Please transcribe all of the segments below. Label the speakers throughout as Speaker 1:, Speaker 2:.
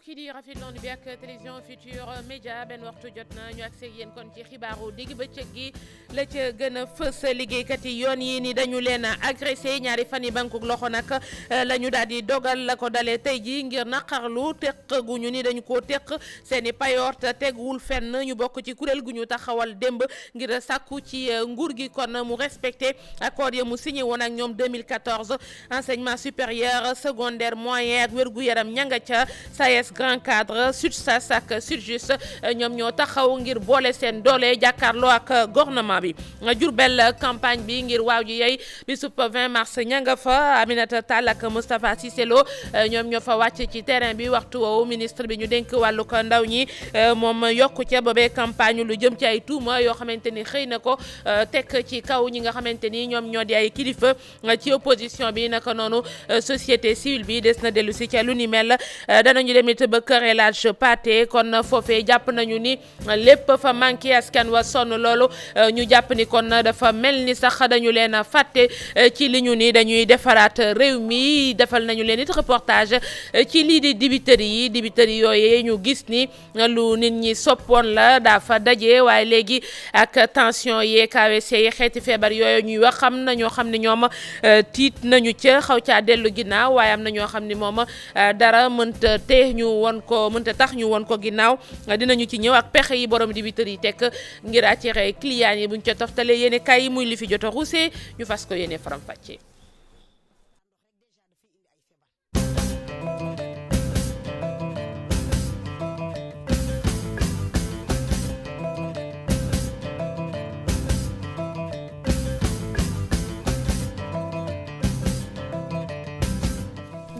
Speaker 1: mbokk yi di rafetlu noonu bi ak télévision Futurs Médias benn waxtu jot na ñu àgg yéen kon ci xibaaru digg bëccëg gi la ca gën a fës liggéeykat yi yoon yi ni dañu leen agressé ñaari fan yi banku loxo nag eh, lañu ñu daal di dogal la ko dale tey jii ngir naqarlu teq gu ñu ni dañu koo teq seen i payoor te teguwul fenn ñu bokk ci kuréel gu ñu taxawal démb ngir sàkku ci eh, nguur gi kon mu respecté accord ya mu signé woon ak ñoom 2014 enseignement supérieur secondaire moyen ak wér gu yaram ñanga ca SAES SOS grand cadre SUTSAS ak SUTJUS ñoom ñoo taxaw ngir boole seen doole jàkkaarloo ak gouvernement bi Jurbel campagne bi ngir waaw ju yey bisub 20 mars ña nga fa Aminata Tall ak Moustapha Cissé ñoom ñoo fa wàcc ci terrain bi waxtu woowu ministre bi ñu dénk wàllu ko ndaw ñi moom yokku ca boobee campagne lu jëm ci ay tuuma yoo xamante ni xëy na ko tek ci kaw ñi nga xamante ni ñoom ñoo di ay kilifa ci opposition bi naka noonu société civile bi des na si diggante ba kër El Hadj Pathé kon foofee jàpp nañu ni lépp fa manqué askan wa sonn loolu euh, ñu jàpp ni kon dafa mel ni sax dañu leen fàtte euh, ci li ñu dañuy defaraat réew mi defal nañu leen it reportage euh, ci lii di dibitëri yi dibitëri yooyee ñu gis ni lu nit ñi soppoon la daa fa daje waaye léegi ak tension yee KWC yi xeeti feebar yooyu ñuy wax xam na ñoo xam ne ñoom tiit nañu ca xaw caa dellu ginnaaw waaye am na ñoo xam ni moom dara mënta te ñu won ko mënta tax ñu won ko ginnaaw dinañu ci ñëw ak pexe yi borom dibitër yi tekk ngir attirer clients yi buñ ca toftalee yéene kay yi muy li fi jot a ñu fas ko yenee faram-fàccee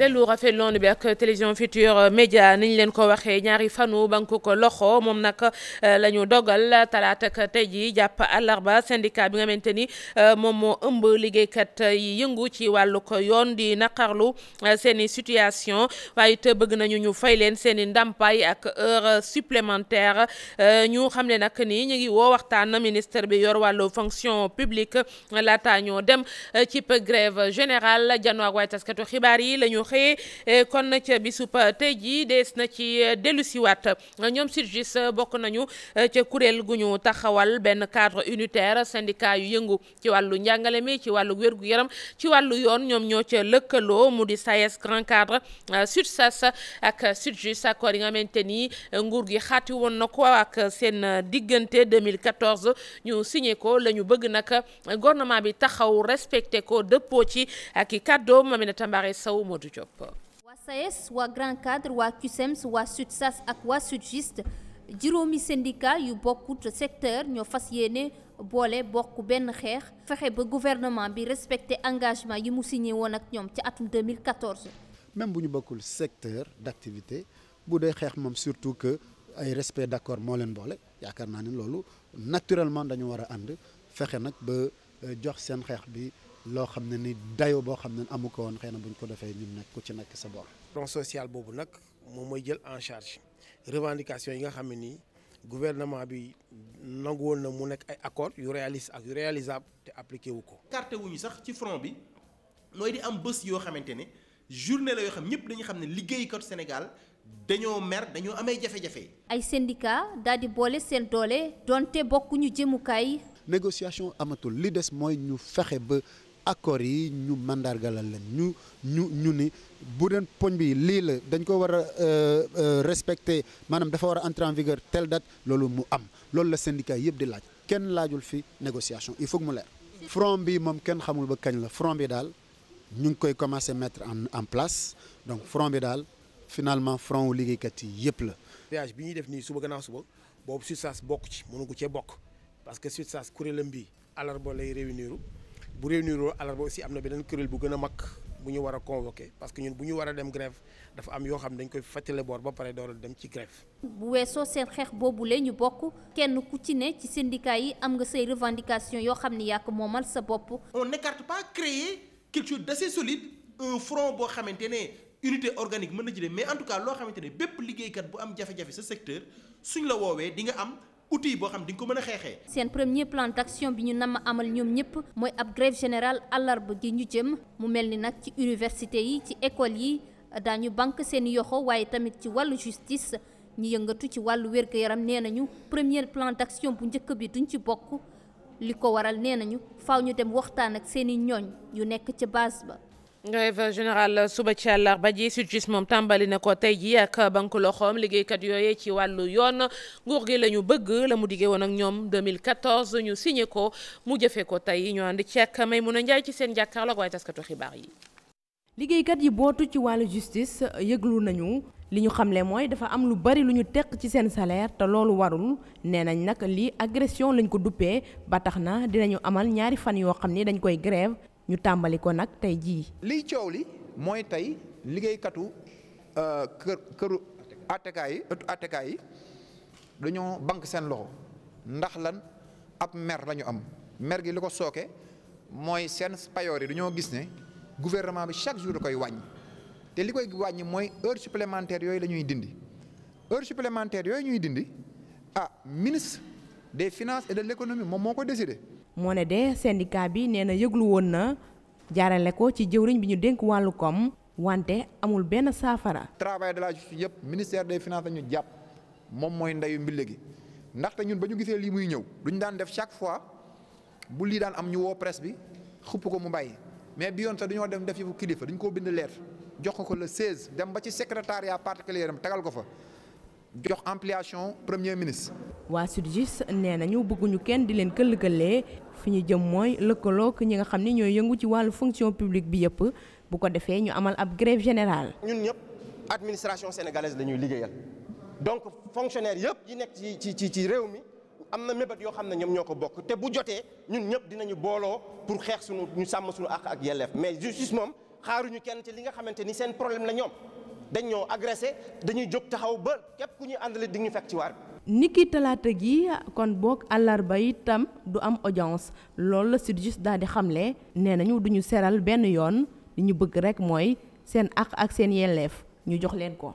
Speaker 1: dellu rafetloon bi ak télévision Futurs Médias ni ñu leen ko waxee ñaari fanu banku ko loxo moom nag euh, la ñu dogal talaata ak tey jii jàpp àllarba syndicat bi nga xamante ni euh, moom moo ëmb liggéeykat yi yëngu ci wàllu ko yoon di naqarlu euh, seen i situation waaye te bëgg nañu ñu fay leen seen i ndàmpaay ak heure supplémentaire ñu xam ne nag ni ñu ngi woo waxtaan ministre bi yor wàllu fonction publique laataa ñoo dem ci grève générale janoo ak waay taskatu xibaar yi doxee eh, kon ca bisub eh, tey jii des na ci eh, dellusiwaat ñoom surgis bokk nañu ca kuréel gu ñu taxawal benn cadre unitaire syndicat yu yëngu ci wàllu njàngale mi ci wàllu wérgu yaram ci wàllu yoon ñoom ñoo ca lëkkaloo mu di SAES grand cadre SUTSAS ak SUTJUS accord yi nga xamante ni nguur gi xati woon na ko ak seen diggante 2014 ñu signé ko la ñu bëgg nag gouvernement bi taxaw respecté ko dëppoo ci ak i kàddoom Aminata Mbaare Sow Modou Diop.
Speaker 2: waa SAES waa Grand Cadre waa CUSEMS waa SUTSAS ak waa SUTGIST juróomi syndicat yu bokkut secteur ñoo fas yéene boole bokk benn xeex fexe ba gouvernement bi respecté engagement yi mu signé woon ak ñoom ci atum 2014.
Speaker 3: même bu ñu bokkul secteur d'activité bu dee xeex moom surtout que ay respect d'accord moo leen boole yaakaar naa ne loolu naturellement dañu war a ànd fexe nag ba euh, jox seen xeex bi. loo xam ne ni dayo boo xam ne amu ko woon xëy na buñ ko defee ñun nag ku ci nekk sa
Speaker 4: bor. front sociale boobu nag moom mooy jël en charge revendication yi nga xam ne nii gouvernement bi nangu woon na mu nekk ay accords yu réaliste ak yu réalisable te appliqué
Speaker 5: wu ko. wu ñu sax ci front bi mooy di am bés yoo xamante ne journée la yoo xam ñëpp dañu xam ne liggéeykat Sénégal. dañoo mer dañoo amee jafe-jafe.
Speaker 2: ay syndicat daal di boole seen doole donte bokkuñu jëmukaay.
Speaker 3: négociation amatul li des mooy ñu fexe ba accords yi ñu mandargalal leen ñu ñu ñu ni bu doon poñ bi lii la dañ ko war a euh, euh, respecter maanaam dafa war a entrer en vigueur telle date loolu mu am loolu la syndicat yëpp di laaj kenn laajul fi négociation il faut que mu leer. front bi moom kenn xamul ba kañ la front bi daal ñu ngi koy commencer mettre en en place donc front bi daal finalement front wu liggéeykat yi yëpp la.
Speaker 4: voyage bi ñuy def nii suba gannaaw suba boobu SUTSAS bokk ci mënu ko cee bokk parce que SUTSAS kuréelam bi alarba lay réunir. bu réuniroo alarba aussi am na beneen kuréel bu gën a mag bu ñu war a convoqué parce que ñun bu ñu war a dem grève dafa am yoo xam ne dañ koy fàttali boor ba pare door a dem ci grève.
Speaker 2: bu weesoo seen xeex boobule ñu bokk kenn ku ci ne ci syndicat yi am nga say revendication yoo xam ne yaa ko moomal sa bopp. on n'écarte pas
Speaker 5: créer quelque chose d'assez solide un front boo xamante ne. unité organique mën na jëlee mais en tout cas loo xamante ne bépp liggéeykat bu am jafe-jafe sa secteur la woowee di nga am outil boo xam di ko mën a xeexee.
Speaker 2: seen premier plan d'action bi ñu nam amal ñoom ñëpp mooy ab grève générale àllarba gi ñu jëm mu mel ni nag ci université yi ci école yi daañu banque seen yoxo waaye tamit ci wàllu justice ñu yëngatu ci wàllu wér-gu-yaram nee nañu premier plan d'action bu njëkk bi duñ ci bokk li ko waral nee nañu faaw ñu dem waxtaan ak seeni ñooñ yu nekk ca base ba.
Speaker 1: grève général suba ci àllarba ji SYTJUST moom tàmbali na ko tey ji ak banque loxoom liggéeykat yooye ci wàllu yoon nguur gi la ñu bëgg la mu diggee woon ak ñoom 2014 ñu signé ko mu jëfee ko tey ñu ànd ci mun Maymuna Njaay ci seen jàkkaarloo ak waaye taskatu xibaar yi.
Speaker 6: liggéeykat yi bootu ci wàllu justice yëglu nañu li ñu xamle mooy dafa am lu bari lu ñu teq ci seen salaire te loolu warul nee nañ nag lii agression lañ ko duppee ba tax na dinañu amal ñaari fan yoo xam ni dañ koy grève ñu tàmbali ko nag tey jii.
Speaker 4: liy coow li mooy tey liggéeykatu euh, kër këru atekaay yi ëttu atekaay dañoo banque seen loxo ndax lan ab mer lañu am mer gi li ko sooke mooy seen payoor yi dañoo gis ne gouvernement bi chaque jour da koy wàññi te li koy wàññi mooy heure supplémentaire yooyu la dindi heure supplémentaire yooyu ñuy dindi ah ministre des finance et de l'économie moom moo ko décidé
Speaker 6: moo ne de syndicat bi nee na yëglu woon na jaarale ko ci jëwriñ bi ñu dénk wàllu koom wante amul benn saafara.
Speaker 4: travail de la justice yëpp ministère des finances la ñu jàpp moom mooy ndeyu mbille gi ndaxte ñun ba ñu gisee lii muy ñëw duñu daan def chaque fois bu lii daan am ñu woo presse bi xupp ko mu bàyyi mais bi yoon sax dañoo dem def yëfu kilifa dañu koo bind lettre jox ko ko le 16 dem ba ci secrétariat particulier am tagal ko fa jox ampliation premier ministre.
Speaker 6: waa SYTJUST nee nañu bëgguñu kenn di leen këll-këllee fi ñu jëm mooy lëkkaloo ñi nga xam ni ñooy yëngu ci wàllu fonction publique bi yëpp bu ko defee ñu amal ab grève générale.
Speaker 5: ñun ñëpp administration sénégalaise la ñuy liggéeyal donc fonctionnaire yëpp yi nekk ci ci ci réew mi am na mébét yoo xam ne ñoom ñoo ko bokk te bu jotee ñun ñëpp dinañu booloo pour xeex suñu ñu sàmm suñu àq ak yelleef mais justice moom xaaruñu kenn ci li nga xamante ni seen problème la ñoom dañ ñoo agressé dañuy jóg taxaw ba képp ku ñuy àndale di ñu fekk ci
Speaker 6: niki talaata gi kon boog àllarba itam du am audience loolu la Sytjust daal di xamle nee nañu duñu seral benn yoon li ñu bëgg rekk mooy seen àq ak seen yelleef ñu jox leen ko.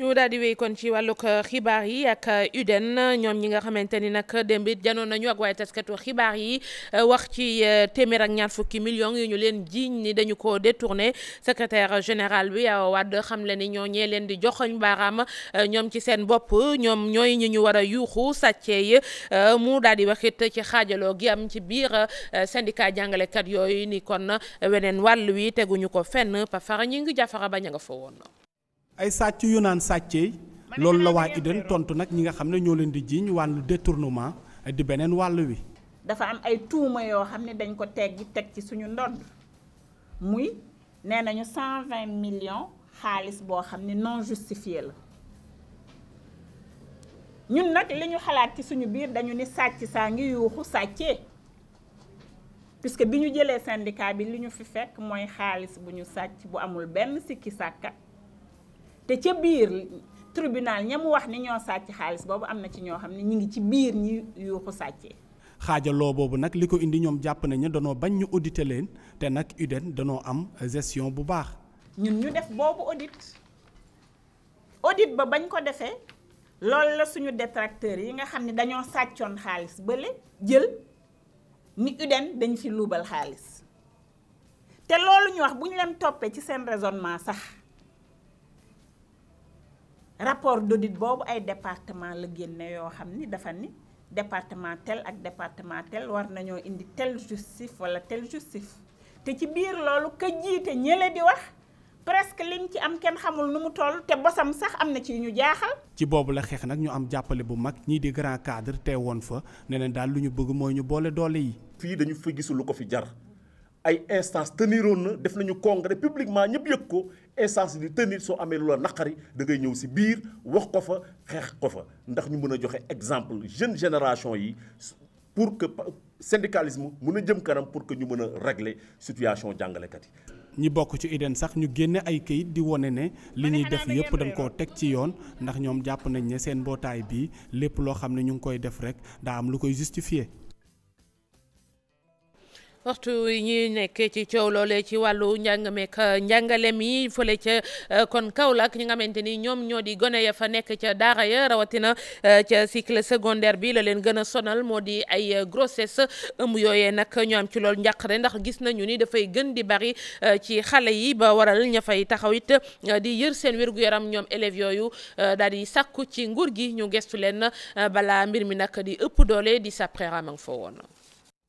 Speaker 1: ñu daal di wéy kon ci wàllug euh, xibaar yi ak euh, UDEN ñoom ñi nga xamante ni nag démb janoon nañu ak waaye taskatu xibaar yi euh, wax ci téeméer ak ñaar fukki millions yu ñu leen jiiñ ni dañu ko détourné secretaire général bi Awa Wade xam le ni ñoo ñee leen di joxoñ baaraam ñoom ci seen bopp ñoom ñooy ñu ñu war a yuuxu sàccee yi mu daal di wax it ci xaajaloo gi am ci biir syndicat jàngalekat yooyu ni kon weneen wàll wi teguñu ko fenn pafara ñu ngi jafara
Speaker 7: bañ a nga fa woon
Speaker 3: ay sàcc yu naan sàccee loolu la waa Idène tontu nag ñi nga xam ne ñoo leen di jiiñ wàllu détournement di beneen wàll wi.
Speaker 7: dafa am ay tuuma yoo xam ne dañ ko teg teggi teg ci suñu ndond muy nee nañu cent vingt xaalis boo xam ne non justifié la ñun nag li ñu xalaat ci suñu biir dañu ni sàcc saa ngi yuuxu sàccee puisque bi ñu jëlee syndicat bi li ñu fi fekk mooy xaalis bu ñu sàcc bu amul benn sikki sàkka te ca biir tribunal ña wax ni ñoo sàcc xaalis boobu am na ci ñoo xam ne ñu ngi ci biir ñi yuuxu sàccee.
Speaker 3: xaajaloo boobu nag li ko indi ñoom jàpp nañu danoo bañ ñu auditer leen te nag UDEN danoo am gestion bu baax.
Speaker 7: ñun ñu def boobu audit audit ba bañ ko defee loolu la suñu détracteurs yi nga xam ne dañoo sàccoon xaalis ba bële jël ni UDEN dañ fi luubal xaalis te loolu ñu wax bu leen toppee ci seen raisonnement sax. rapport d'audit boobu ay département la génne yoo xam ni dafa ni département tel ak département tel war nañoo indi tel justif wala tel justif te ci biir loolu ka jiite ñële di wax presque liñ ci am kenn xamul nu mu toll te bosam sax am na ci ñu jaaxal.
Speaker 3: ci boobu la xeex nag ñu am jàppale bu mag ñii di grand cadre te woon fa ne leen daal lu ñu bëgg mooy ñu boole doole yi. fii dañu fa gisul ko fi jar. ay instance teniroon na def nañu congrès publiquement ñëpp yëg ko instance di tenir soo amee lu la naqari dangay ñëw si biir wax ko fa xeex ko fa ndax ñu mën a joxe exemple jeune génération yi pour que syndicalisme mën a jëm kanam pour que ñu mën a régler situation jàngalekat yi. ñi bokk ci IDEN sax ñu génne ay kayit di wone ne li ñuy def yëpp dañ koo teg ci yoon ndax ñoom jàpp nañ ne seen mbootaay bii lépp loo xam ne ñu ngi koy def rek daa am lu koy justifier.
Speaker 1: waxtu yi ñuy nekkee ci coow loolee ci wàllu njàng njàngaleem njàngale mi fële ca euh, kon Kaolack ñi nga xamante ni ñoom ñoo di gone ya fa nekk ca daara ya rawatina euh, ca cycle secondaire bi la leen gën a sonal moo di ay euh, grossesse ëmb yooyee nag ñoom am ci loolu njàqare ndax gis nañu ni dafay gën di bari ci xale yi ba waral ña fay taxaw it di yër seen wér-gu-yaram ñoom élèves yooyu daal yi sàkku ci nguur gi ñu gestu leen balaa mbir mi nag di ëpp doole di sàpprera ma fa woon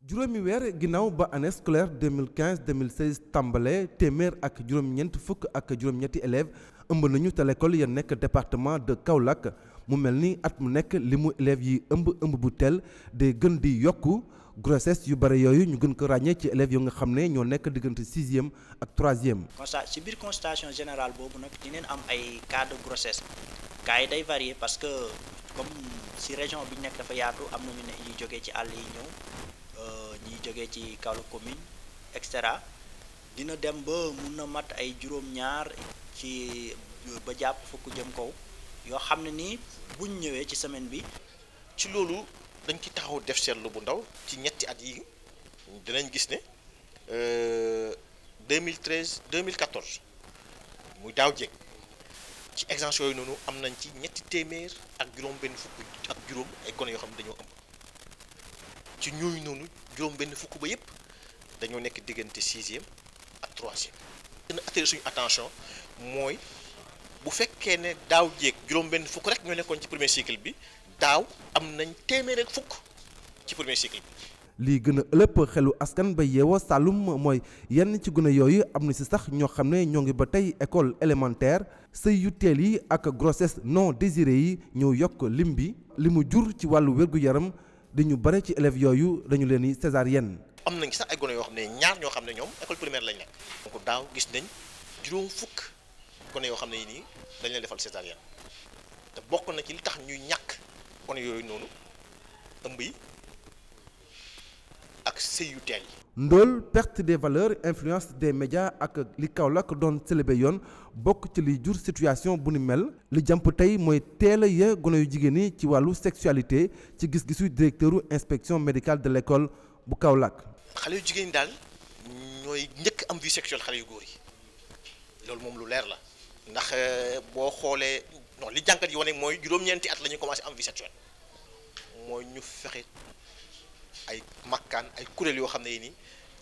Speaker 8: juróomi weer ginnaaw ba année scolaire 2015 2016 tàmbale téeméer ak juróom-ñeent fukk ak juróom-ñetti élèves ëmb nañu te l'école ya nekk département de Kaolack mu mel ni at mu nekk li mu élèves yi ëmb ëmb bu teel day gën di yokk grossesse yu bëri yooyu ñu gën ko ràññee ci élèves yu nga xam ne ñoo nekk diggante sixième ak troisième.
Speaker 7: constat ci biir constatation générale boobu nag dinañ am ay cas de grossesse cas yi day varier parce que comme si région bi ñu nekk dafa am ñu ne ci àll Euh, ñiy jógee ci Kaolack commune et cetera dina dem ba mun na mat ay juróom-ñaar ci ba jàpp fukk jëm kaw yoo xam ne ni buñ ñëwee ci semaine bi.
Speaker 5: ci loolu dañ ci taxaw def seetlu bu ndaw ci ñetti at yi dinañ gis ne 2013 2014 muy daaw jéeg ci exemption yooyu noonu am nañ ci ñetti téeméer ak juróom benn fukk ak juróom ay gone yoo xam ne dañoo ci ñooñu noonu juróom benn fukk ba yépp dañoo nekk diggante sixième ak troisième attention mooy bu fekkee ne daaw jéeg juróom benn fukk rek ñoo nekkoon ci premier cycle bi daaw am nañ téeméer fukk ci premier cycle bi
Speaker 8: lii gën a ëlëpp xelu askan ba yeewoo saalum mooy yenn ci gune yooyu am na si sax ñoo xam ne ñoo ngi ba tey école élémentaire sëy yu yi ak grossesse non désirée yi ñoo yokk lim bi li mu jur ci wàllu wérgu yaram di ñu bare ci élèves yooyu dañu leen di césarienne. am nañ
Speaker 5: sax ay gone yoo xam ne ñaar ñoo xam ne ñoom école primaire lañ nekk. donc daaw gis nañ juróom fukk gone yoo xam ne nii dañ leen defal césarienne te bokk na ci li tax ñuy ñàkk gone yooyu noonu ëmb yi. ak sëy yu teel yi.
Speaker 8: ndool perte des valeurs influence des médias ak li Kaolack doon célébé yoon bokk ci li jur situation bu ni mel li jàmp tey mooy teel a yee gone yu jigéen ñi ci wàllu sexualité ci gis-gisu directeuru inspection médicale de l'école bu Kaolack. xale yu
Speaker 5: jigéen daal ñooy njëkk am vie sexuelle xale yu góor yi loolu moom lu leer la ndax euh, boo xoolee li jànkat yi wane mooy juróom-ñeenti at la ñuy commencé am vie sexuelle mooy ñu fexe ay makkaan ay kuréel yoo xam ne nii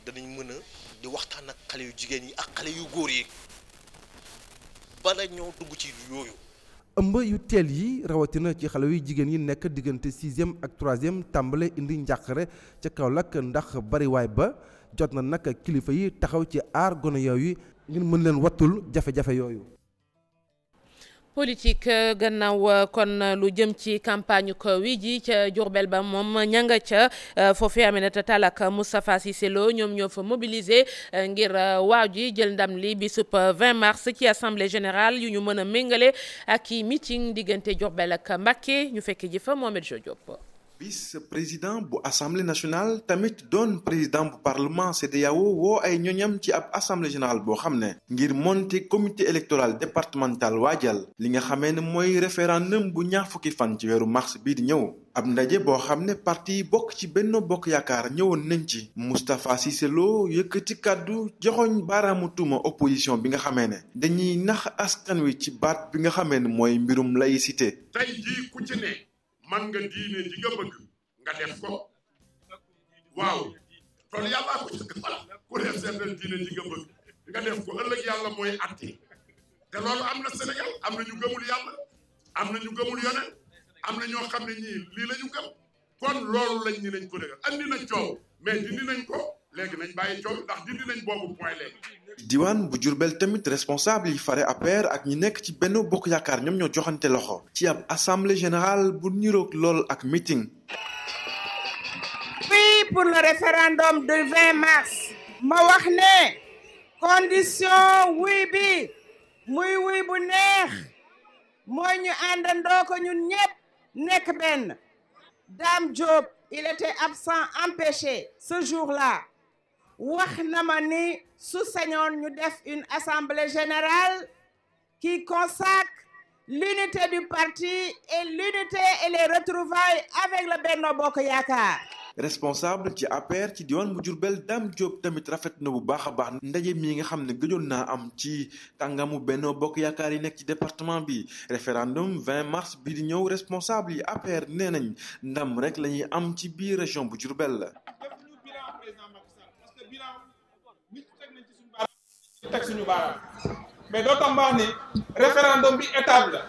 Speaker 5: danañ mën a di waxtaan ak xale yu jigéen yi ak xale yu góor yi bala ñoo dugg ci yooyu.
Speaker 8: ëmb yu teel yi rawatina ci xale yu jigéen yi nekk diggante sixième ak troisième tàmbale indi njàqare ca kaw Kaolack ndax bariwaay ba jot na nag kilifa yi taxaw ci aar gone yooyu ngir mën leen wattul jafe-jafe yooyu.
Speaker 1: politique euh, gannaaw euh, kon euh, lu jëm ci campagne ko wi ji ca Diourbel ba moom ñanga ca foofee Aminata Tall ak Moustapha Cissé Lo ñoom ñoo fa mobiliser ngir waaw ji jël ndam li bisub 20 mars ci assemblée générale yu ñu mën a méngale ak i meeting diggante Diourbel ak Mbacké ñu fekk ji fa Mohamed Jo Diop
Speaker 9: vice président bu assemblée nationale tamit doon président bu parlement CEDEAO woo ay ñoñam ci ab assemblée générale boo xam ne ngir monter comité électoral départemental waajal li nga xamee ne mooy référendum bu ñaar fukki fan ci weeru mars bii di ñëw ab ndaje boo xam ne parti bokk ci benn Bokk Yaakaar ñëwoon nañ ci Moustapha Cissé yëkk yëkkati kàddu joxoñ baaraamatuma tuuma opposition bi nga xamee ne dañuy nax askan wi ci baat bi nga xamee ne mooy mbirum laïcité.
Speaker 10: tey man nga diine ji nga dem nga def ko waaw kon yàllaa ko ci defal ku def seetal diine ji nga bëgg def ko ëllëg yàlla mooy atte te loolu am na Sénégal am na ñu gëmul yàlla am na ñu gëmul yoneen am na ñoo xam ne ñii lii la ñu gëm kon lool lañ ni nañ ko dëggal andi na coow mais dindi nañ ko léegi nañ bàyyi coow
Speaker 9: diwaan bu Jurbel tamit responsable yi fare APR ak ñi nekk ci benn bokk yaakaar ñoom ñoo joxante loxo. ci ab assemblée générale bu niroog lool ak meeting.
Speaker 11: oui pour le référendum du mars. ma wax ne condition wuy bi muy wuy bu neex mooy ñu àndandoo ko ñun ñëpp nekk benn Dame Diop il était absent empêché ce jour-là. wax na ma ni su sañoon ñu def une assemblée générale qui consacre l'unité du parti et l'unité et les
Speaker 7: retrouvailles avec le Benno Bokk Yaakaar
Speaker 9: responsable ci APR ci diwaan bu Jurbel Dame Diop tamit rafet na bu baax a baax ndaje mi nga xam ne gëjoon naa am ci kàngamu Benno Bokk Yaakaar yi nekk ci département bi référendum 20 mars bi di ñëw responsable yi APR nee nañ ndam rek la ñuy am ci biir région bu Jurbel la
Speaker 12: teg suñu baaraam mais doo tax ni référendum bi étape la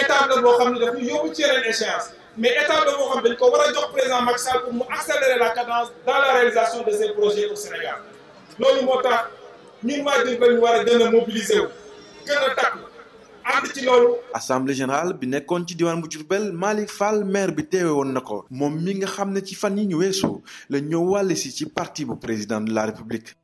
Speaker 12: étape la boo xam ne dafa yóbbu ci yeneen échéance mais étape la boo xam ne dañ ko war a jox président Macky Sall pour mu accélérer la cadence dans la réalisation de ses projets au Sénégal loolu moo tax ñun waa Diourbel ñu war a gën a mobiliser wu gën ànd ci loolu.
Speaker 9: assemblée générale bi nekkoon ci diwaan bu Diourbel Malick Fall maire bi teewe woon na ko moom mi nga xam ne ci fan yi ñu weesu la ñëw wàll si ci parti bu président la république.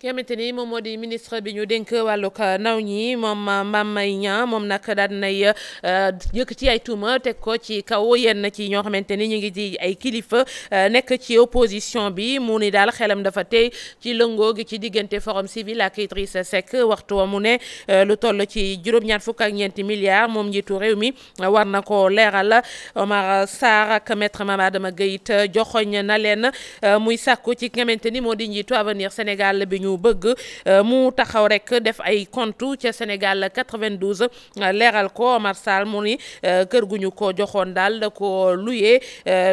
Speaker 1: ki nga xamante ni moom moo di ministre bi ñu dénk wàllug euh, ndaw ñi moom ma euh, Mame Mbaye ñaa moom nag daal nay euh, yëkk ci ay tuuma teg ko ci kaw yenn ci ñoo xamante ni ñu ngi di ay kilifa nekk ci opposition bi mu ni daal xelam dafa tey ci lëngoo gi ci diggante forum civil ak Idrissa Seck waxtu wa mu ne lu toll ci juróom-ñaar fukk ak ñeenti milliards moom njiitu réew mi war na ko leeral ma Sarr ak maître Mame Adama Gueye joxoñ na leen muy sàkku ci nga ni moo di njiitu avenir ñu bëgg euh, mu taxaw rek def ay compte ca Sénégal 92 euh, leeral ko marsal mu ni euh, kër gu ñu ko joxoon daal da ko luyee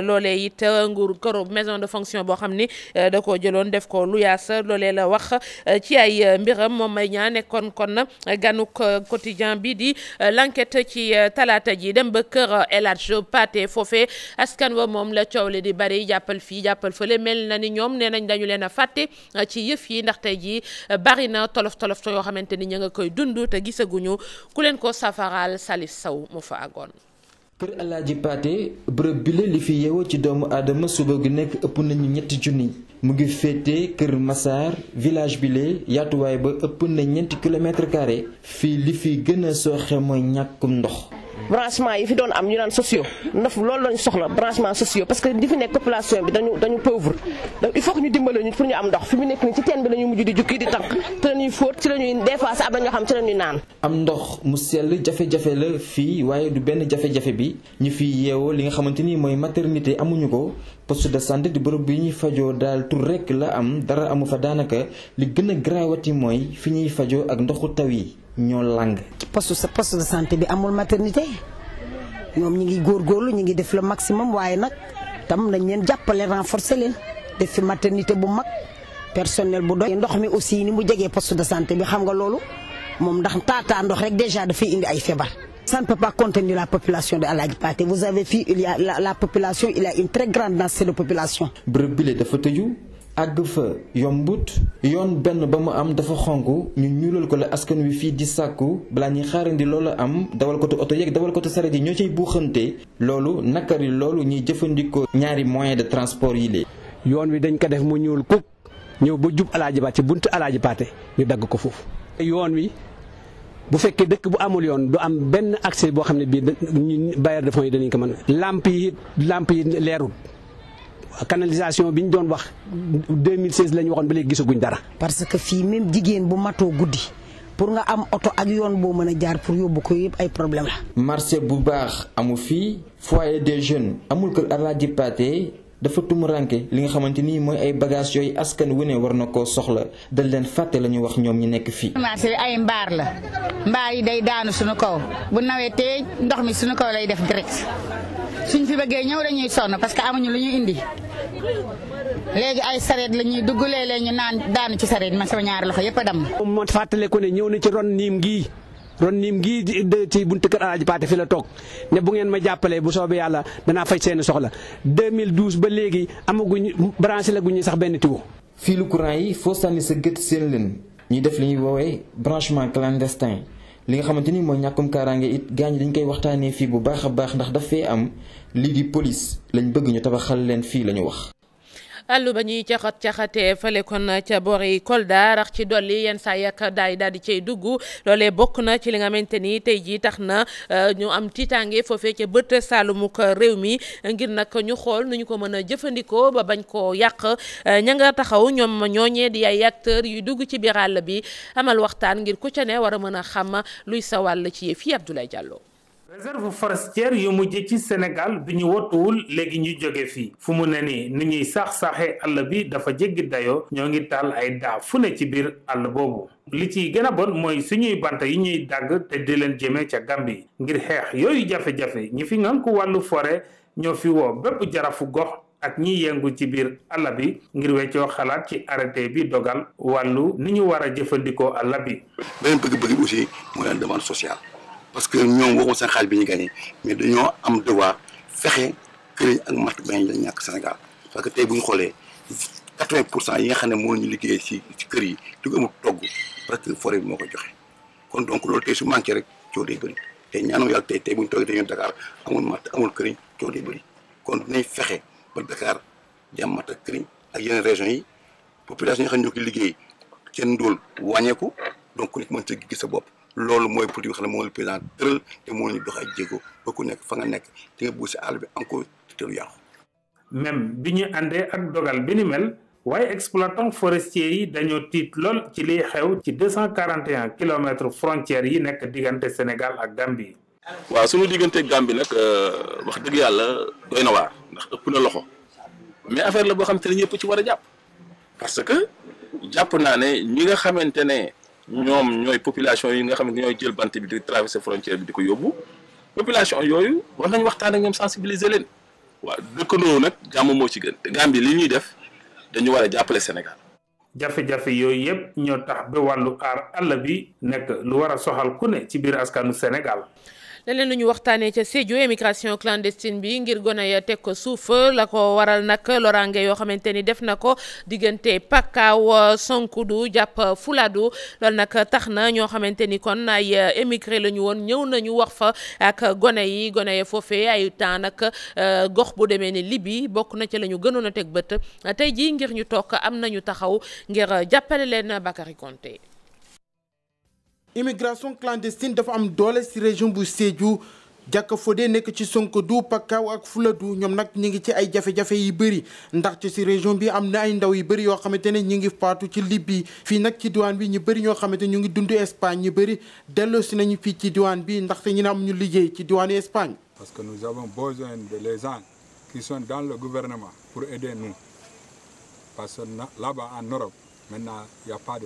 Speaker 1: loolee it nguur këru maison de fonction boo xam ni da koo jëloon def ko luyaas loolee la wax ci ay mbiram moom may ñaa nekkoon kon ganuk quotidien bi di l'enquête ci talaata ji dem ba kër El Hadj Pathé foofee askan wa moom la coow li di bari jàppal fii jàppal fële mel na ni ñoom nee dañu leen fàtte ci yëf yi ndax tey jii euh, bari na tolof tolof yoo xamante ni ña nga koy dund te gisaguñu ku leen ko safaraal Salif saw mu fa àggoon.
Speaker 13: kër alaaji paate bërëb bi li fi yeewoo ci doomu aadama suba gi nekk ëpp nañu ñetti junni mu ngi féete kër masaar village bi yaatuwaay ba ëpp na ñeenti kilomètre carré fii li fi gën a sooxe mooy ñàkkum ndox
Speaker 7: branchement yi fi doon am ñu naan sociaux ndaf loolu lañu soxla branchement sociaux parce que di fi nekk population bi dañu dañu pauvre donc il faut que ñu dimbale ñu pour
Speaker 1: ñu
Speaker 6: am ndox fi mu nekk nii ci teen bi la ñuy mujj di jukki di tànk ci la ñuy fóot ci la ñuy des am na ñoo xam ci la naan
Speaker 13: am ndox mu sell jafe-jafe la fii waaye du benn jafe-jafe bi ñu fi yeewoo li nga xamante ni mooy maternité amuñu ko poste de santé di bërëb bi ñuy fajoo daal tur rekk la am dara amu fa daanaka li gën a garaawati mooy fi ñuy fajoo ak ndoxu taw yi ñoo lang. ci
Speaker 7: poste poste de santé bi amul maternité ñoom ñi ngi góorgóorlu ñu ngi def le maximum waaye nag tam nañ leen jàppale renforcer leen def fi maternité bu mag personnel bu doy. ndox mi aussi ni mu jegee poste de santé bi xam nga loolu moom ndax taataa ndox rek déjà dafay indi ay feebar. ça ne peut pas contenir la population de Alaaji Pathé vous avez vu il y la, la population il y a une très grande densité de population.
Speaker 13: bërëb dafa tëju. àgg fa yombut yoon benn ba mu am dafa xonk ñu ñuulal ko la askan wi fii di sàkku balaa ñuy xaarandi loolu am dawal dawalkatu oto dawal dawalkatu saret yi ñoo ciy buuxante loolu nakari loolu ñuy jëfandikoo ñaari moyen de transport yi lee yoon wi dañ ko def mu ñuul kuk ñëw ba jub alaaji ba ci buntu alaaji paate ñu dagg ko foofu yoon wi bu fekkee dëkk bu amul yoon du am benn accès boo xam ne bii bailleur de fonds yi danañ ko mën làmp yi làmp yi leerul canalisation bi ñu doon wax 2016
Speaker 7: la ñu waxoon ba léegi gisaguñ dara. parce que fii même jigéen bu matoo guddi. pour nga am oto ak yoon boo mën a jaar pour yóbbu ko yëpp ay problème la.
Speaker 13: marché bu baax amu fii foyer des jeunes amul kër Alaaji Paate dafa tumuranke li nga xamante ni mooy ay bagages yooyu askan wu ne war na koo soxla dañ leen fàtte la ñu wax ñoom ñi nekk fii.
Speaker 7: marché bi ay mbaar la mbaar yi day daanu suñu kaw bu nawee te ndox mi suñu kaw lay def direct. suñ fi bëggee ñëw dañuy sonn parce que amuñu lu ñu indi léegi ay sareet la ñuy dugg léeg ñu naan daanu ci sareet man sama ñaari loxo yëpp a damm.
Speaker 13: moom moo fàttaliku ne ñëw na ci ron niim gii ron niim gii ci buntu kër Alaaji Paate fii la toog ne bu ngeen ma jàppalee bu soobee yàlla danaa faj seeni soxla 2012 ba léegi amaguñu branché la guñu sax benn tiwo. fii lu courant yi foo sànni sa gët seen leen ñuy def li ñuy woowee branchement clandestin. li nga xamante ni mooy ñàkkum kaaraange it gaañ dañ koy waxtaanee fii bu baax a baax ndax daf fee am lii di police lañ bëgg ñu tabaxal leen fii la ñu wax.
Speaker 1: àllu ba ñuy caxat caxatee fële kon ca bori Kolda rax ci dolli yenn saa yak daay daal di cay dugg loolee bokk na ci li nga xamante ni tey jii tax na euh, ñu am tiitaange foofee ca bët saalumuk réew mi ngir nag ñu xool nu ñu ko mën a jëfandikoo ba bañ koo yàq euh, ña nga taxaw ñoom ñooñee di ay acteurs yuy dugg ci biir àll bi amal waxtaan ngir ku ca ne war a mën a xam luy sa wàll ci yëf yi Abdoulaye Diallo.
Speaker 12: réserve forestière yu mujj ci Sénégal bi ñu wottuwul léegi ñu jóge fii fu mu ne nii ni ñuy saax-saaxee àll bi dafa jéggi dayoo ñoo ngi taal ay daa fu ne ci biir àll boobu li ciy gën a bon mooy suñuy bant yi ñuy dàgg te di leen jëmee ca Gàmbi ngir xeex yooyu jafe-jafe ñi fi ngan ko wàllu fore ñoo fi woo bépp jarafu gox ak ñi yëngu ci biir àll bi ngir weccoo xalaat ci arrêté bi dogal wàllu ni ñu war a jëfandikoo àll bi. beneen bëgg-bëgg aussi mooy
Speaker 3: la demande parce que ñoom waxuma seen xaalis bi ñu gagné mais dañoo am devoir fexe këriñ ak matt bañ la ñàkk Sénégal parce que tey bu ñu xoolee pour cent yi nga xam ne moo ñu liggéey si si kër yi du ko amul moo ko joxe kon donc loolu tey su manqué rek coow day tey ñaanu yàlla tey tey bu ñu toogee dañoo Dakar amul matt amul këriñ coow day bëri kon dinañ fexe ba Dakar di am matt ak këriñ ak yeneen régions yi population yi nga xam ne ñoo ko liggéey kenn ndóol wàññeeku donc ku nekk mën sa gis sa bopp loolu mooy politique bi xam ne moom la président moo ñu dox ay jéego ba ku nekk fa nga nekk di nga bugg si àll bi encore
Speaker 12: te du bi ñu àndee ak dogal bi ni mel waaye exploitant forestier yi dañoo tiit lool ci liy xew ci deux cent quarante et un kilomètres yi nekk diggante Sénégal ak Gambie.
Speaker 10: waaw suñu diggante Gambie nag euh, wax dëgg yàlla doy na waar ndax ëpp na loxo mais affaire la boo xam te ne ñëpp ci war a jàpp parce que jàpp naa ne ñi nga xamante ne. ñoom ñooy population yi nga xam ne ñooy jël bant bi di traverser frontière bi di ko yóbbu population yooyu war nañ waxtaan ñoom sensibiliser leen waa dëkkandoo nag jàmm moo ci gën te Gambie li ñuy def dañu war a jàppale Sénégal.
Speaker 12: jafe-jafe yooyu yëpp ñoo tax ba wàllu aar àll bi nekk lu war a soxal ku ne ci biir askanu Sénégal.
Speaker 1: leen lu ñu waxtaanee ca Sédhiou émigration clandestine bi ngir gone ya teg ko suuf la ko waral nag lorange yoo xamante ni def na ko diggante Pakaaw Sonkudu jàpp Fuladu loolu nag tax na ñoo xamante ni kon ay émigré la ñu woon ñëw nañu wax fa ak gone yi gone ya foofee ay temps nag euh, gox bu demee ni Libi bokk na ci la ñu gënoon a teg bët tey jii ngir ñu toog am nañu taxaw ngir jàppale leen Bakary Konté
Speaker 4: immigration clandestine dafa am doole ci région bu Sédhiou jàkka Fodé nekk ci Sonkodou Pakao ak Fuladu ñoom nag ñu ngi ci ay jafe-jafe yi bëri ndax ci si région bi am na ay ndaw yu bëri yoo xamante ne ñu ngi faatu ci Libye fii nag ci diwaan bi ñu bëri ñoo xamante ñu ngi dund Espagne ñu bëri delloosi nañu fii ci diwaan bi ndaxte ñu ne am ñu liggéey ci diwaanu Espagne.
Speaker 12: parce que nous avons besoin de les gens qui sont dans le gouvernement pour aider nous parce que là en Europe maintenant il y a pas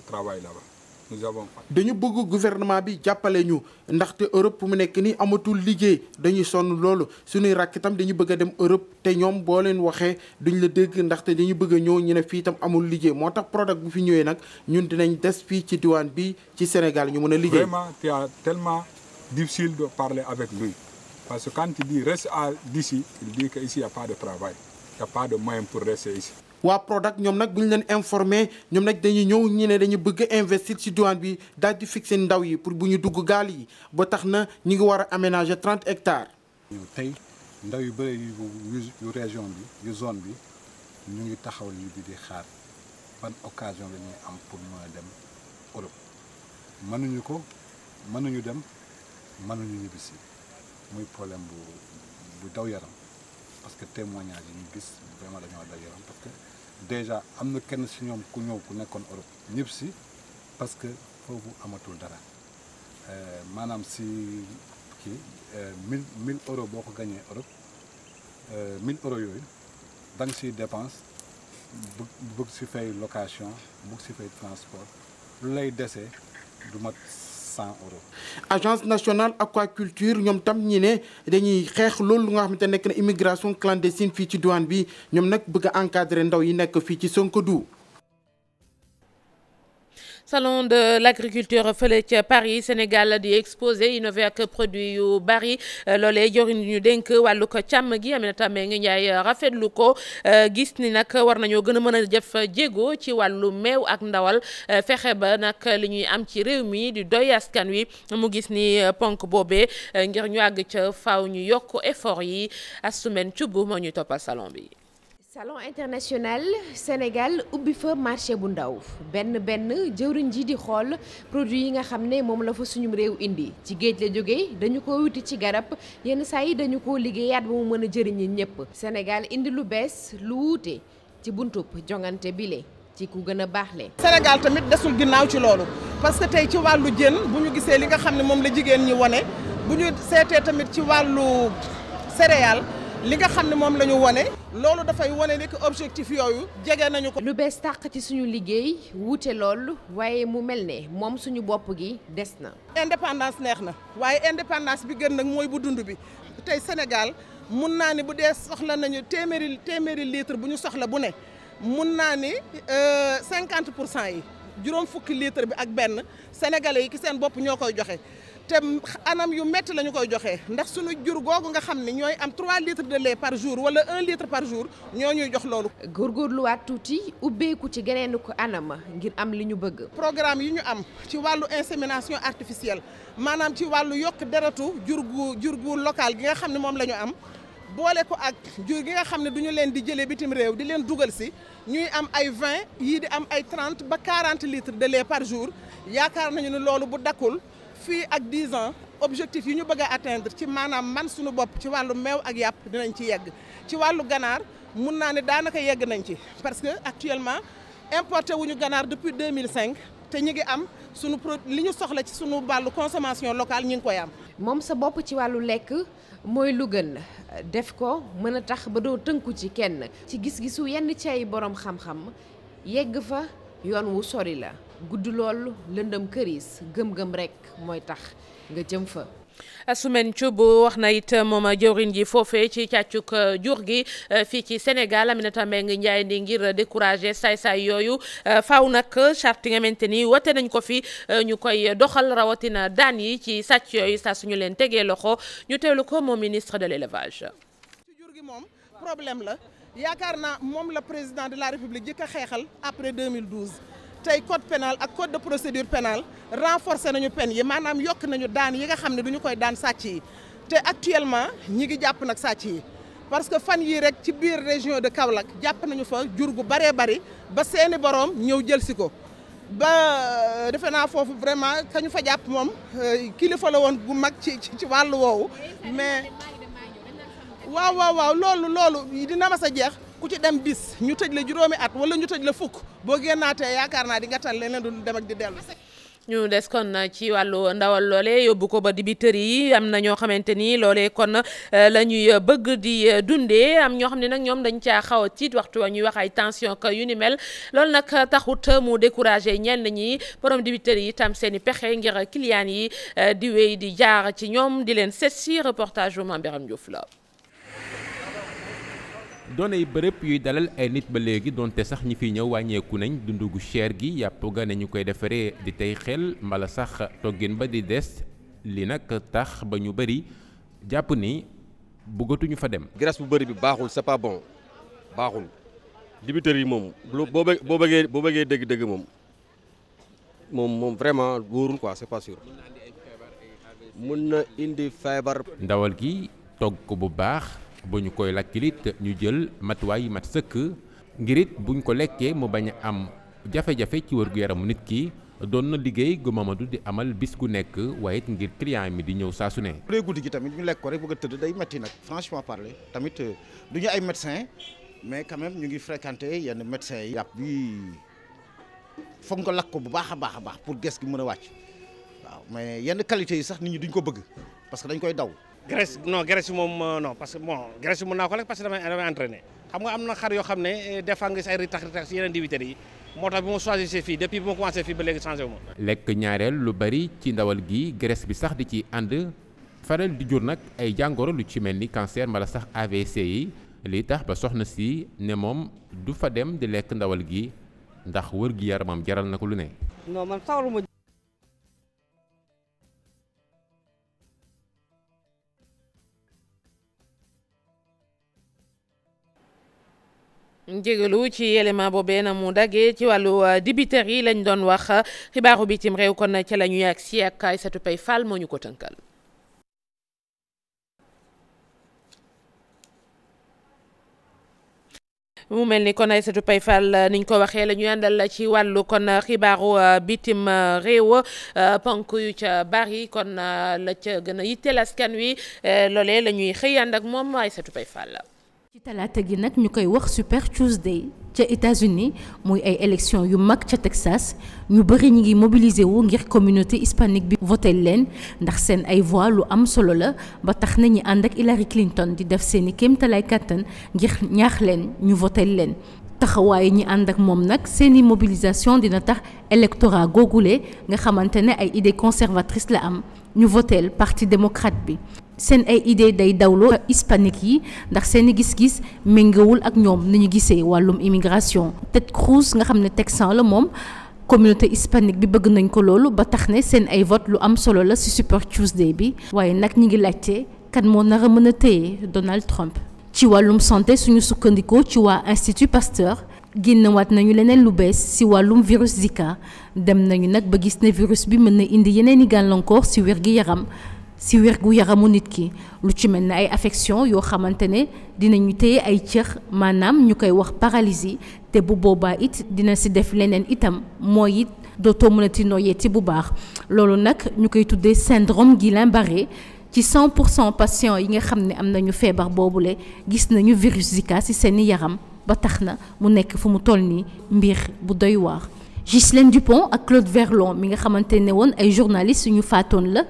Speaker 4: dañu bëgg gouvernement bi jàppale ñu ndaxte Europe mu nekk nii amatul liggéey dañuy sonn loolu suñuy rakk itam dañu bëgg a dem Europe te ñoom boo leen waxee duñ la dégg ndaxte dañu bëgg a ñëw ñu ne fii itam amul liggéey moo tax Prodac bu fi ñëwee nag ñu dinañ des fii ci diwaan bi ci Sénégal ñu mën a liggéey. vraiment
Speaker 12: c'est tellement difficile de parler avec lui parce que quand il dit reste à d'ici il dit que a pas de travail y pas de moyen pour rester ici. waa Prodac ñoom nag bu ñu leen informé
Speaker 4: ñoom nag dañuy ñëw ñu ne dañu bëgg investir ci douane bi daal di fixé ndaw yi pour bu ñu dugg gaal yi ba tax na ñu ngi war a aménager 30 hectares. tey ndaw yu bëri yu région bi yu zone bi ñu ngi taxaw li bi di xaar ban
Speaker 3: occasion la am pour mën a dem Europe mënuñu ko mënuñu
Speaker 12: dem mënuñu ñibbisi muy problème bu bu daw yaram parce que témoignage yi ñu gis vraiment dañoo daw yaram déjà am na kenn si ñoom ku ñëw ku nekkoon Europe ñëpp si parce que foofu amatul dara euh,
Speaker 3: maanaam si kii euh, mille mille euros boo ko gañee Europe euh, mille euros yooyu da nga siy dépense bëgg bëgg si fay location
Speaker 4: bëgg si fay transport lu lay desee du 100 euros. agence nationale aquaculture ñoom tam ñi ne dañuy xeex loolu nga xamante nekk na immigration clandestine fii ci douane bi ñoom nag bëgg a ndaw yi nekk fii ci Sonkodou.
Speaker 1: salon de l'agriculture fële ca Paris Sénégal di exposé innové ak produit yu bari euh, loolee joriñ ñu dénk wàllu ko càmm gi Aminata Mbengue Ndiaye rafetlu ko euh, gis ni nag war nañoo gën a mën a def jéego ci wàllu meew ak ndawal euh, fexe ba nag li ñuy am ci réew mi di doy askan wi mu gis ni ponk boobee ngir ñu àgg ca faaw ñu yokk effort yi assumen cubb moo ñuy toppal salon bi
Speaker 6: salon international Sénégal ubbi fa marché bu ndaw benn benn jëwriñ ji di xool produit yi nga xam ne moom la fa suñu réew indi ci géej la jóge dañu ko wuti ci garab yenn saa yi dañu ko liggéeyaat ba mu mën a jëriñi ñëpp Sénégal indi lu bees lu wuute ci buntub jongante bile ci ku gën a baaxle.
Speaker 11: Sénégal tamit desul ginnaaw ci loolu parce que tey ci wàllu jën bu ñu gisee li nga xam ne moom la jigéen ñi wone bu ñu seetee tamit ci wàllu céréales. li nga xam ne moom la ñu wane
Speaker 6: loolu dafay wane ni que objectif yooyu jege nañu ko. lu bees tàq ci suñu liggéey wuute loolu waaye mu mel ne moom suñu bopp gi des na. indépendance
Speaker 11: neex na waaye indépendance bi gën nag mooy bu dund bi tey Sénégal mun naa ni bu dee soxla nañu téeméeri téeméeri litre bu ñu soxla bu ne mun naa ni euh, cinquante pour cent yi juróom fukki litre bi ak benn sénégalais yi ki seen bopp ñoo koy joxe. te anam yu métti la ñu koy joxee ndax suñu jur googu nga xam ne ñooy am 3 litres de lait par jour wala 1 litre par jour ñoo ñuy jox loolu. góorgóorluwaat tuuti ubbeeku ci geneen ko anam ngir am li ñu bëgg. programme yi ñu am ci wàllu insémination artificielle maanaam ci wàllu yokk deratu jur gu jur gu local gi nga xam ne moom la ñu am. boole ko ak jur gi nga xam ne duñu leen di jëlee bitim réew di leen dugal si ñuy am ay vingt yii di am ay 30 ba 40 litres de lait par jour yaakaar nañu ne loolu bu dakkul. fii ak 10 ans objectif yi ñu bëgg a atteindre ci maanaam man suñu bopp ci wàllu meew ak yàpp dinañ ci yegg ci wàllu ganaar mun naa ne daanaka yegg nañ ci parce que actuellement importé wuñu ganaar depuis 2005 te ñu ngi am suñu pro li ñu soxla ci suñu bàllu consommation
Speaker 6: locale ñu ngi koy am. moom sa bopp ci wàllu lekk mooy lu gën def ko mën a tax ba doo tënku ci kenn. ci gis-gisu yenn ci ay borom xam-xam yegg fa yoon wu sori la. gudd lool lëndëm këriis gëm-gëm rek mooy tax nga jëm fa
Speaker 1: Assoumane Thioub wax na it moom a jëwrin ji foofee ci càccuk euh, jur gi euh, fii ci Sénégal Aminata ngi Ndiaye ni ngir décourager saay-saay yooyu euh, faw nag charte nga xamante ni wote nañ ko fi ñu koy doxal rawatina daan yi ci sàcc yooyu saa suñu leen tegee loxo ñu teelu ko moom ministre de l'élevage ci
Speaker 11: jur gi moom problème la yaakaar naa moom la président de la république jëkk a xeexal après 2012 tey code pénal ak code de procédure pénale renforcer nañu peine yi maanaam yokk nañu daan yi nga xam ne du ñu koy daan sàcc yi te actuellement ñi ngi jàpp nag sàcc yi parce que fan yii rek ci biir région de Kaolack jàpp nañu fa jur gu bëree bari ba seeni boroom ñëw jël si ko ba euh, defe naa foofu vraiment ka ñu fa jàpp moom euh, kilifa la woon gu mag ci ci wàllu woowu mais waaw waaw waaw loolu loolu dina mas a jeex ku ci dem bis ñu tëj la juróomi at wala ñu tëj la fukk boo génnaatee yaakaar naa di nga tal leneen du dem ak di dellu.
Speaker 1: ñu des kon ci wàllu ndawal loole yóbbu ko ba dibiteri yi am na ñoo xamante ni loole kon euh, la ñuy euh, bëgg di euh, dundee am ñoo xam ne nag ñoom dañ caa xaw a tiit waxtu wa ñuy wax ay tension que yu ni mel loolu nag taxut mu découragé ñenn ñi borom dibiteri yi tam seen i pexe ngir kiliyaan yi di wéy di jaar ci ñoom di leen seet si reportage bu Mame Birame Diouf la
Speaker 14: doon ay bërëb yuy dalal ay nit ba léegi donte sax ñi fiy ñëw wàññeeku nañ dundu gu cher gi yàpp ga ne ñu koy defaree di tey xel mbala sax toggin ba di des li nag tax ba ñu bari jàpp ni buggatuñu fa dem. graisse bu bari bi
Speaker 13: baaxul c'est pas bon baaxul dibiteurs yi moom boo boo bëggee boo bëggee dëgg-dëgg moom moom moom vraiment wóorul quoi c'est mën na indi feebar.
Speaker 14: ndawal gi togg ko bu baax. bu ñu koy lakkilit ñu jël matuwaay yu mat sëkk ngir it buñ ko lekkee mu bañ a am jafe-jafe ci wërgu yaramu nit ki doon na liggéey gu Mamadou di amal bis ku nekk waaye it ngir client mi di ñëw saa su ne.
Speaker 5: bu dee guddi gi tamit ñu lekk ko rek bëgg a tëdd day metti nag franchement parler tamit euh, du ñu ay médecin mais quand même ñu ngi fréquenté yenn médecins yi. yàpp bi foog nga lakk ko bu baax a baax a baax pour ges gi mën a wàcc waaw mais yenn qualité yi sax nit ñi duñ ko bëgg parce que dañ koy daw. graisse non graisse moom euh, non parce que bon graisse mën naa ko lekk parce
Speaker 3: damay damay xam nga am na xar yoo xam ne euh, des fois nga gis ritax ritax si yeneen dibiteri yi moo tax bi ma choisir fii depuis bi ma commencé fii ba léegi changé wu
Speaker 14: lekk ñaareel lu bari ci ndawal gi graisse bi sax di ci ànd faral di jur nag ay jàngoro lu ci mel ni cancer mala sax AVC yi li tax ba soxna si ne moom du fa dem di lekk ndawal gi ndax wër gi yaramam jaral na ko lu ne.
Speaker 1: jégalu ci élément boobee na mu daggee ci wàllu euh, dibiteri yi lañ doon wax xibaaru bitim réew kon ca la ñuy ak si ak Aïssatou Pay Fall moo ñu ko tënkal. mu mel ni kon Aïssatou Pay Fall euh, niñ ko waxee lañu yàndal àndal ci wàllu kon euh, xibaaru bitim réew ponk yu ca bari kon la ca gën a yitteel wi loolee lañuy xëy ànd ak moom Aïssatou Pay Fall.
Speaker 15: ci talaata gi nag ñu koy wax Super Tuesday ca États-Unis muy ay élection yu mag ca Texas ñu bëri ñi ngi mobiliser wu ngir communauté hispanique bi voté leen ndax seen ay voix lu am solo la ba tax na ñi ànd ak Hillary Clinton di def seeni kéemtalaay kattan ngir ñaax leen ñu voteel leen. taxawaayu ñi ànd ak moom nag seeni mobilisation dina tax électorat googule nga xamante ne ay idées conservatrices la am ñu voteel parti démocrate bi. seen ay idée day dawloo hispanique yi ndax seen gis-gis méngowul ak ñoom ni gisee wàllum immigration Ted Cruz nga xam ne texan la moom communauté hispanique bi bëgg nañ ko loolu ba tax ne seen ay vote lu am solo la ci Super Tuesday bi waaye nag ñi ngi laajte kat moo nar a mën a téye Donald Trump ci wàllum santé suñu sukkandikoo ci waa Institut Pasteur génnewaat nañu leneen lu bees ci wàllum virus Zika dem nañu nag ba gis ne virus bi mën na indi yeneen i gàllankoor ci wér gi si wér-gu-yaramu nit ki lu ci mel ne ay affection yoo xamante ne dinañu téye ay cër maanaam ñu koy wax paralysie te bu boobaa it dina si def leneen itam mooy it dootoo mënati noyyeeti bu baax loolu nag ñu koy tuddee syndrome Guillain-Barré ci 100 pour cent patients yi nga xam ne am na ñu feebar boobu le gis nañu virus Zika si seen yaram ba tax na mu nekk fu mu toll nii mbir bu doy waar Ghislaine Dupont ak Claude Verlon mi nga xamante ne woon ay journalistes yu ñu faatoon la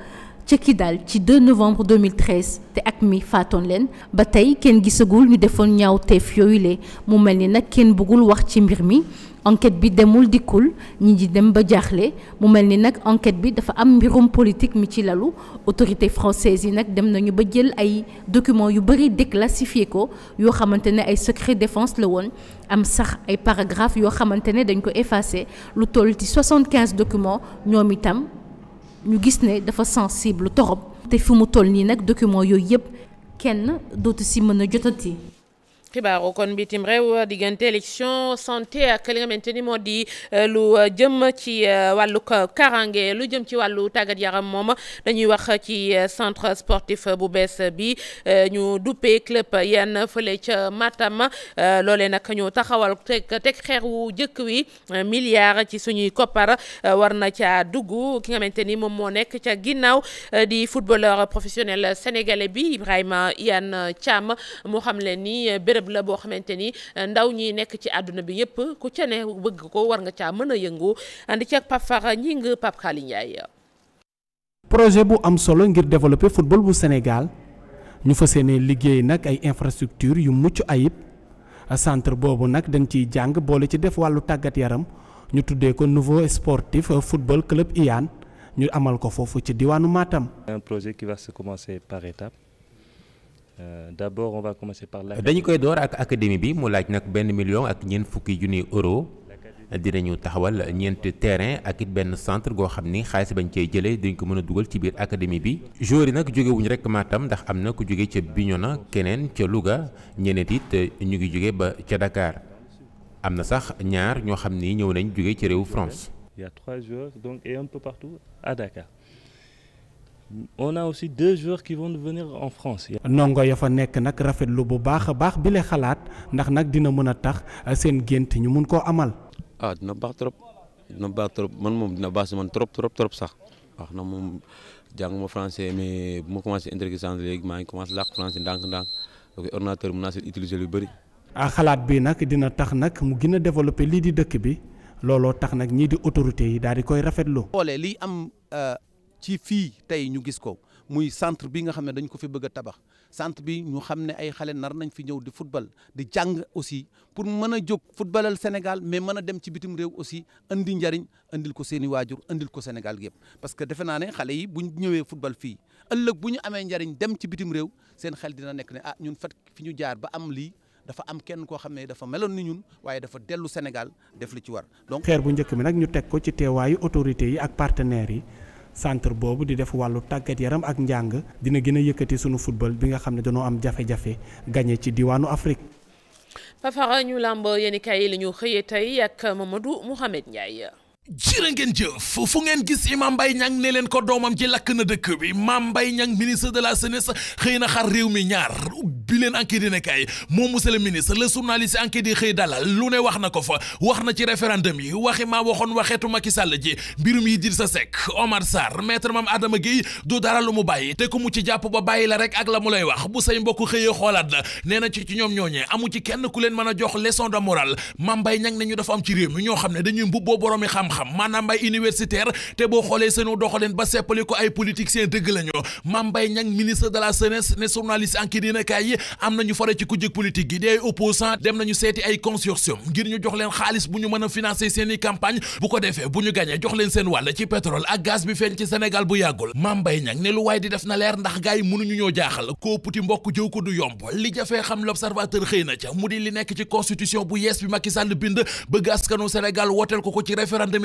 Speaker 15: ca daal ci 2 novembre 2013 te ak mi faatoon leen ba tey kenn gisagul ñu defoon ñaaw teef yooyu yooyule mu mel ni nag kenn bëggul wax ci mbir mi enquête bi demul dikkul ñi di dem ba jaaxle mu mel ni nag enquête bi dafa am mbirum politique mi ci lalu autorité française yi nag dem nañu ba jël ay documents yu bëri déclassifié ko yoo xamante ne ay secret défense la woon am sax ay paragraphe yoo xamante ne dañ ko effacé lu toll ci 75 documents ñoom itam ñu gis ne dafa sensible torop te fi mu toll nii nag document yooyu yëpp kenn dootu si mën a jotati
Speaker 1: xibaaru kon bitim réew diggante élection santé ak li nga xamante ni moo di euh, lu euh, jëm ci euh, wàllu karange lu jëm ci wàllu tàggat yaram moom dañuy wax ci centre sportif bu bees bi ñu duppee club yenn fële ca Matam loolee nag ñu taxawal teg xeex wu jëkk wi milliard ci suñuy koppar war na caa dugg ki nga xamante ni moom moo nekk ca ginnaaw di footballeur professionnel sénégalais bi Ibrahima Iyane Thiam moo xam leen ni béréb initiative la boo xamante ni euh, ndaw ñi nekk ci àdduna bi yépp ku ca ne bëgg ko war nga caa mën a yëngu andi ceeg Pape Fara ñi nga Pape Khali Ndiaye
Speaker 3: projet bu am solo ngir développer football bu Sénégal ñu fa yéene liggéey nag ay infrastructure yu mucc ayib centre boobu nag dañ ciy jàng boole ci def wàllu tàggat yaram ñu tuddee ko nouveau sportif football club IAN ñu amal ko foofu ci diwaanu Matam.
Speaker 12: projet qui va se Euh, d'abord on va commencer par la. dañu koy
Speaker 14: door ak académie bi mu laaj nag benn million ak ñeent fukki junniy euro dinañu taxawal ñeenti terrain ak it benn centre goo xam ni xaalis bañ cey jëlee dañ ko mën a dugal ci biir académie bi. joueurs yi nag jóge wuñ rek Matam ndax am na ku jóge ca Bignona keneen ca Louga ñeneet it ñu ngi jóge ba ca Dakar am na sax ñaar ñoo xam ni ñëw nañ jóge ci réew
Speaker 12: France. il a on a aussi deux joueurs qui vont venir en France. ndongo
Speaker 3: fa nekk nag rafetlu bu baax a baax bi la xalaat ndax nag dina mën a tax euh, seen gént ñu mun koo amal.
Speaker 12: Ah, dina baax trop
Speaker 14: dina baax trop man moom dina baax si man trop trop trop sax wax na moom jànguma français mais bu ma commencé intelligence léegi maa ngi commencé làkk français ndànk-ndànk donc ordinateur mun naa si utiliser
Speaker 8: lu bëri.
Speaker 3: ah xalaat bi nag dina tax nag mu gën a développé lii di dëkk bi looloo tax nag ñii di autorité yi daal di koy rafetlu.
Speaker 8: ci fii tey ñu gis ko muy centre bi nga xam ne dañ ko fi bëgg a tabax centre bi ñu xam ne ay xale nar nañ fi ñëw di football di jàng aussi pour mën a jóg footballal Sénégal mais mën a dem ci bitim réew aussi andi njariñ andil ko seen i waajur ko Sénégal yëpp parce que defe naa ne xale yi bu ñëwee football fii ëllëg bu ñu amee njariñ dem ci bitim réew seen xel dina nekk ne ah ñun fat fi ñu jaar ba am lii dafa am kenn koo xam ne dafa meloon ni ñun waaye dafa dellu Sénégal def li ci war donc. xeer bu njëkk
Speaker 3: bi nag ñu teg ko ci teewaayu autorités yi ak partenaires yi. centre boobu di def wàllu tàggat yaram ak njàng dina gën a yëkkati sunu football bi nga xam ne dañoo am jafe-jafe gagné ci diwaanu Afrique.
Speaker 1: Fafara ñu làmb yéen i la ñu xëyee tey ak Mamadou Mouhamed Ndiaye.
Speaker 10: jërë ngeen jëf fu ngeen gis imam Mbaye Niang ne leen ko doomam ji lakk na dëkk bi Mame Mbaye Niang ministre de la jeunesse xëy na xar réew mi ñaar bi leen enquête dina kay moom monsieur le ministre le journaliste enquête yi xëy dalal lu ne wax na ko fa wax na ci référendum yi waxi maa waxoon waxeetu Macky Sall ji mbirum yi dir sa Seck Omar Sarr maître Mame Adama Guèye du dara lu mu bàyyi te ku mu ci jàpp ba bàyyi la rek ak la mu lay wax bu say mbokk xëyee xoolaat la nee na ci ci ñoom ci kenn ku leen mën a jox leçon de morale Mame Mbaye Niang ne ñu dafa am ci réew mi ñoo xam ne dañuy mbub boo boroomi xam xam-xam maanaam te boo xoolee seenu doxaleen ba seppali ko ay politiciens dëgg la ñu Mame Mbaye ministre de la jeunesse ne journaliste enquête dina kaay yi am nañu fare ci kujje politique gi di ay opposant dem nañu seeti ay consortium ngir ñu jox leen xaalis bu ñu mën a financer seen campagne bu ko defee bu ñu gàñee jox leen seen wàll ci pétrole ak gaz bi feeñ ci Sénégal bu yàggul Mame Mbaye Niang ne lu waay di def na leer ndax gars bi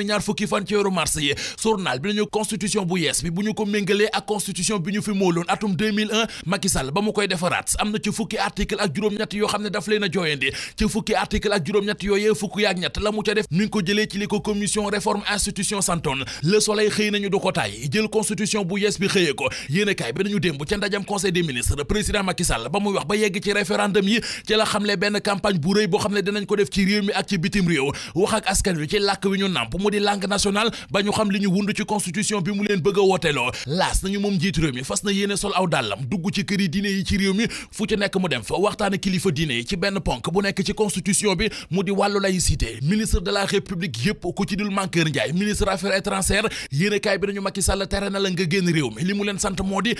Speaker 10: Macky juróomi ñaar fukki fan ci weeru mars yi journal bi nañu constitution bu yees bi bu ñu ko méngalee ak constitution bi ñu fi móoloon atum 2001 ba mu koy defaraat am na ci fukki article ak juróom-ñett yoo xam ne daf leen jooyandi ci fukki article ak juróom-ñett yooyee fukki ak ñett la mu ca def mi ngi ko jëlee ci li ko commission réforme institution santoon le soleil xëy nañu du ko taay jël constitution bu yees bi xëyee ko yéene bi nañu di langue nationale ba ñu xam li ñu wund ci constitution bi mu leen bëgg a wooteloo laas nañu moom njiitu réew mi fas na yéene sol aw dàllam dugg ci këri diine yi ci réew mi fu ci nekk mu dem fa waxtaane kilifa diine yi ci benn ponk bu nekk ci constitution bi mu di wàllu laïcité ministre de la république yëpp ku ci dul Mankeur Ndiaye ministre affaires étrangères yéene kaay bi nañu Macky Sall tere na la nga génn réew mi li mu leen sant moo di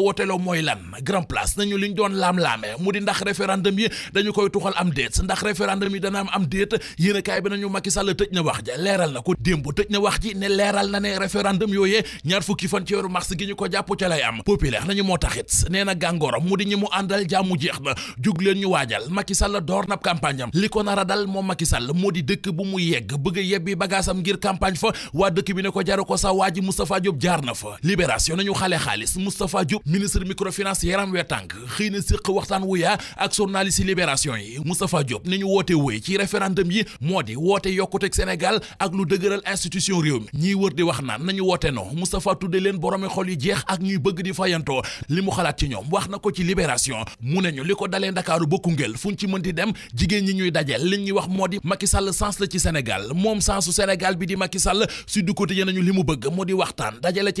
Speaker 10: wooteloo mooy lan grand place nañu liñ doon laam-laamee mu di ndax référendum yi dañu koy tuxal am déet ndax référendum yi dana am am déet yéen kaay bi nañu Macky Sall tëj na wax ja leeral na ko démb tëj na wax ji ne leeral na ne référendum yooyee ñaar fukki fan ci weeru mars gi ñu ko jàpp ca lay am populaire nañu moo taxit nee na gàngooram mu di ñi mu àndal jàmmu jeex na jug leen ñu waajal Macky la door na campagne li ko nar a dal moo Macky Sall moo di dëkk bu mu yegg bëgg a yebbi bagaasam ngir campagne fa waa dëkk bi ne ko jaru ko sa waa ji Moustapha Diop jaar na fa libération nañu xale xaalis Moustapha Diop ministre microfinance yaram wee tànk xëy na séq waxtaan wu yaa ak journaliste libération yi Moustapha Diop ni ñu woote wëy ci référendum yi moo di woote yokkute yokkuteg Sénégal ak lu dëgëral institution réew mi ñiy wër di wax naan nañu woote no Moustapha tudde leen boroomi xol yi jeex ak ñuy bëgg di fayantoo li mu xalaat ci ñoom wax na ko ci libération mu ne ñu li ko dalee Ndakaaru ba Koungheul fu ñu ci mën di dem jigéen ñi ñuy dajal li ñuy wax moo di Macky Sall sens ci Sénégal moom sensu Sénégal bi di Macky Sall Sud li mu bëgg moo di waxtaan dajale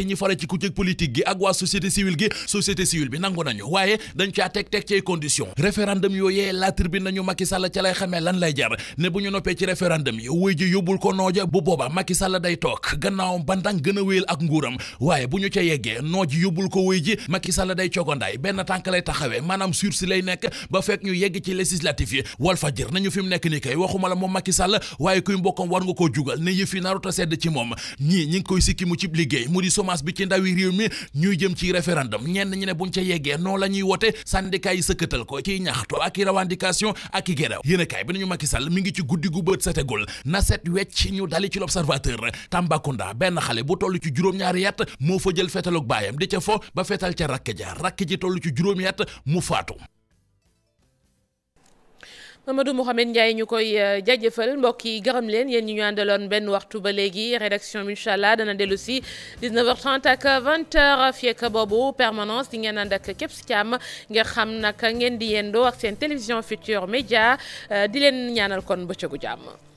Speaker 10: politique gi ak waa société civile gi société civile bi nangu nañu waaye dañ caa teg teg ci condition référendum yooyee la tribune nañu Macky Sall ca lay xamee lan lay jar ne bu ñu noppee ci référendum yi wuy ji yóbbul ko nooja bu booba Macky day toog gannaawam bandang gën a wéyal ak nguuram waaye bu ñu ca yeggee nooj yóbbul ko wuy ji Macky Sall day cogandaay benn tànk lay taxawee maanaam sursi lay nekk ba fekk ñu yegg ci législatif yi Walfadjri nañu fi mu nekk ni kay waxuma la moom Macky Sall waaye kuy mbokkam war nga koo jugal ne yëf yi naruta ci moom ñii ñi ngi koy sikki mu cib liggéey mu di chômage bi ci ndawi réew mi ñuy jëm ci référendum nangam ñenn ñi bu buñ ca yeggee noo la ñuy wote syndicat yi sëkkatal ko ciy ñaxtu ak i revendication ak i géraw yéen a kaay bi nañu Macky Sall mi ngi ci guddi gu bët setegul na set wecc ñu dali ci l'observateur Tambacounda benn xale bu toll ci juróom-ñaari yat moo fa jël fetaluk baayam di ca fo ba fetal ca rakk ja rakk ji toll ci juróomi yat mu faatu
Speaker 1: Mamadou Mouhamed Ndiaye ñu koy euh, jaajëfal mbokk yi gërëm leen yéen ñi ñu àndaloon benn waxtu ba léegi rédaction bi incha allah dana dellusi si 19h30 ak 20 boobu permanence di ngeen ànd ak képp si càmm ngir xam nag ngeen di yendoo ak seen télévision Futurs Médias euh, di leen ñaanal kon bëccëgu jàmm.